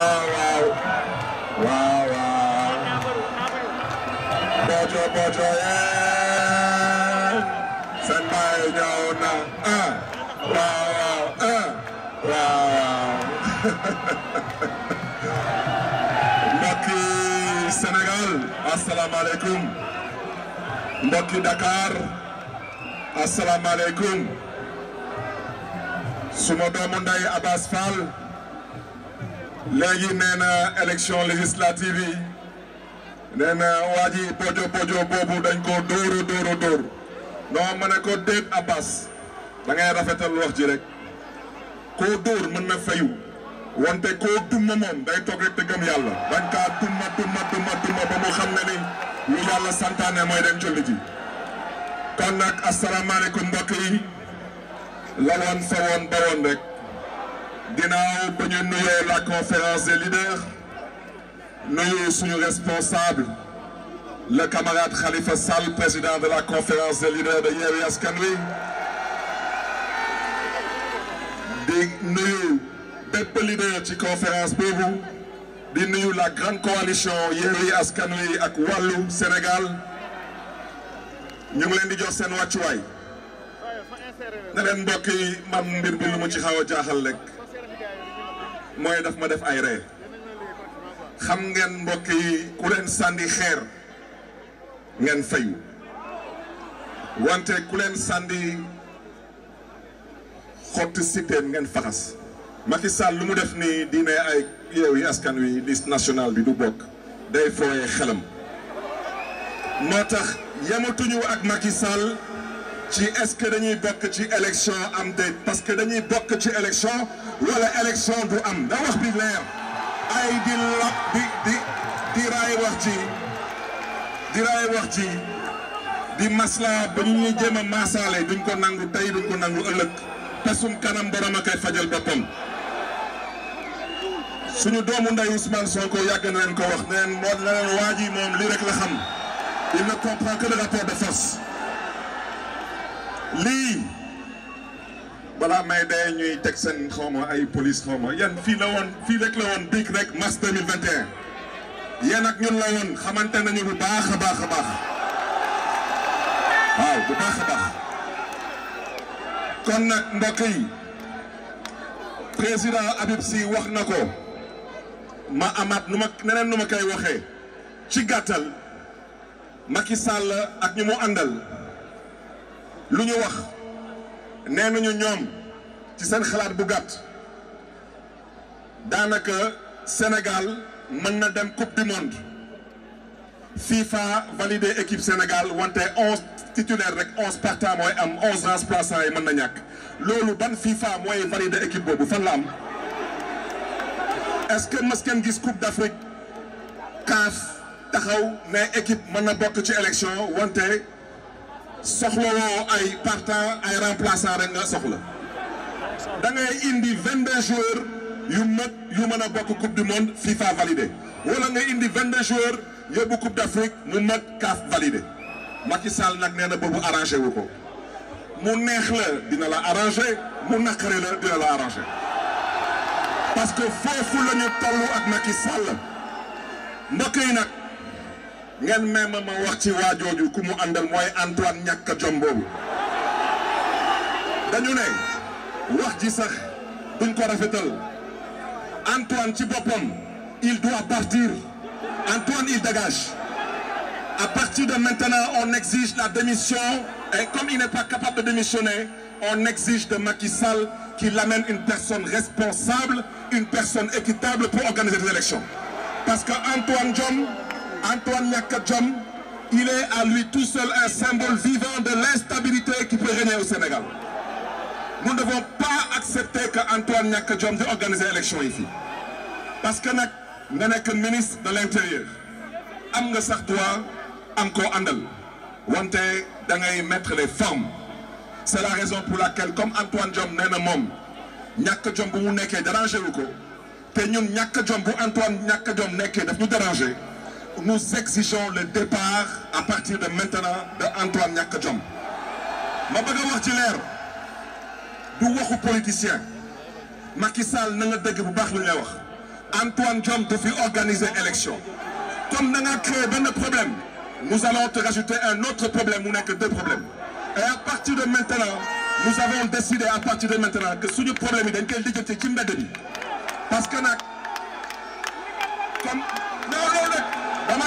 boco boco yee seen baay ñëw na ah waaw ah waaw mbokki Sénégal asalaamaaleykum mbokki Dakar suma doomu ndey Abass Fall léegi nee na élection législative yi nee na waa ji pojo pojo boobu dañ ko dóoru dóoru dóor non ma ne ko déet Abbas da ngay rafetal wax ji rek koo dóor mën na fayu wante koo tumma moom day toog rek te yàlla dañ kaa tumma tumma tumma tumma ba mu xam ne ni lu yàlla santaane mooy dem julli ji kon nag yi la woon fa woon ba rek Nous avons ñu la conférence des leaders Nous sommes responsables. le camarade Khalifa Sall président de la conférence des leaders de Yéry Askan Nous, sommes leaders leaders de ci conférence boobu Nous sommes la grande coalition Yewwi Askan et ak Sénégal Nous ngi leen di jox seen wàccuwaay Nous leen mbokk yi mam mbir bi mooy daf ma def ay ree xam ngeen mbokk yi ku leen sànni xeer ngeen fayu wante ku leen sànni xotti siteen ngeen faxas Macky lu mu def nii dina ay Yewwi Askan Wi liste nationale bi du bokk day fooyee xelam moo tax yamatuñu ak Macky ci est-ce que dañuy bokk ci élection am déet parce que dañuy bokk ci élection wala élection du am da wax bi ay di la di di di raay wax ji di raay wax ji masla ba ñu ñuy jéem a maasaale duñ ko nangu tey duñ ko nangu ëllëg pesum kanam borom a koy fajal boppam suñu doomu nday Ousmane Sonko yàgg na leen ko wax neen moo na moom lii rek la xam il ne comprend que le rapport de force lii balaa may day ñuy teg seen xawma ay police xawma yan fii la woon fii rek la woon biig rek mars 2021 yéen ak ñun la woon xamante nañu bu baax a baax baax waaw bu baax baax kon nag mbokk yi président Habib Sy wax na ko ma amaat nu ma neneen nu ma koy waxee ci gàttal Macky sàll ak ñu mu àndal lu ñu wax Nous nañu ci seen xalaat bu Sénégal mën na dem coupe du monde FIFA validé équipe Sénégal wante onze titulaire rek 11 partants moy am onze remplaçants yi mën na ban FIFA moy validé équipe fan est-ce que mës coupe d'Afrique CAF taxaw ne équipe mën na soxlawoo ay partant ay remplaçant rek nga soxla da ngay indi 22 joueurs yu mat yu meuna a bokk coupe du monde FIFA validé wala ngay indi 22 joueurs yóbbu coupe d'Afrique mu mat CAF validé Macky Sall nag nee na arrangé wu ko mu neex la dina la arrangé mu naqari la dina la arrangé parce que fofu la ñu toll ak Macky Sall mbokk yi ngeen même ma wax ci wajoju ku mu àndal mooy Antoine ñàkk jom boobu dañu ne wax ji sax duñ ko rafetal Antoine ci bopom il doit partir Antoine il dégage à partir de maintenant on exige la démission et comme il n'est pas capable de démissionner on exige de Macky Sall qu'il amène une personne responsable une personne équitable pour organiser les élections parce qu'Antoine Antoine Antoine Nyakadjom, il est à lui tout seul un symbole vivant de l'instabilité qui peut régner au Sénégal. Nous ne devons pas accepter qu'Antoine Nyakadjom de organiser l'élection ici. Parce que nous sommes que ministre de l'Intérieur. Nous avons encore andal. Nous mettre les formes. C'est la raison pour laquelle, comme Antoine Diom n'est pas ne Nyakadjom, pas pas déranger. Et nous, Nyakadjom, Antoine Nyakadjom, peut pas déranger nous exigeons le départ à partir de maintenant d'Antoine Antoine ñàkk jom ma bëgg a wax ci du politicien na Antoine devait organiser l'élection. comme nous avons créé de problèmes, nous allons te rajouter un autre problème n'avons que deux problèmes et à partir de maintenant nous avons décidé à partir de maintenant que ce problème est un problème qui ci parce que nous comme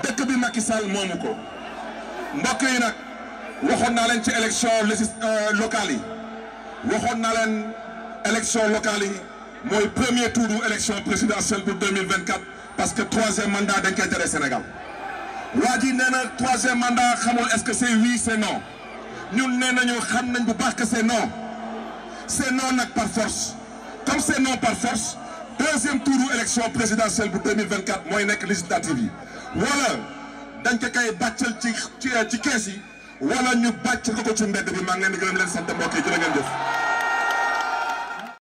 dëkk bi Macky Sall moomu ko mbokk yi nag waxoon naa ci élection euh, locale. locales yi waxoon naa leen élection locale, yi mooy premier tour d'élection présidentielle pour 2024 parce que troisième mandat dañ koy Sénégal waa ji nee na troisième mandat est-ce que c'est oui c'est non Nous nee nañu xam que c'est non c'est non nag par force comme c'est non par force deuxième tour bu élection présidentielle bu 2024 mooy nekk législative yi wala dañ ko koy ci ci kees yi wala ñu bàccal ko ci mbedd bi maa ngi leen di leen sant mbokk yi jërë ngeen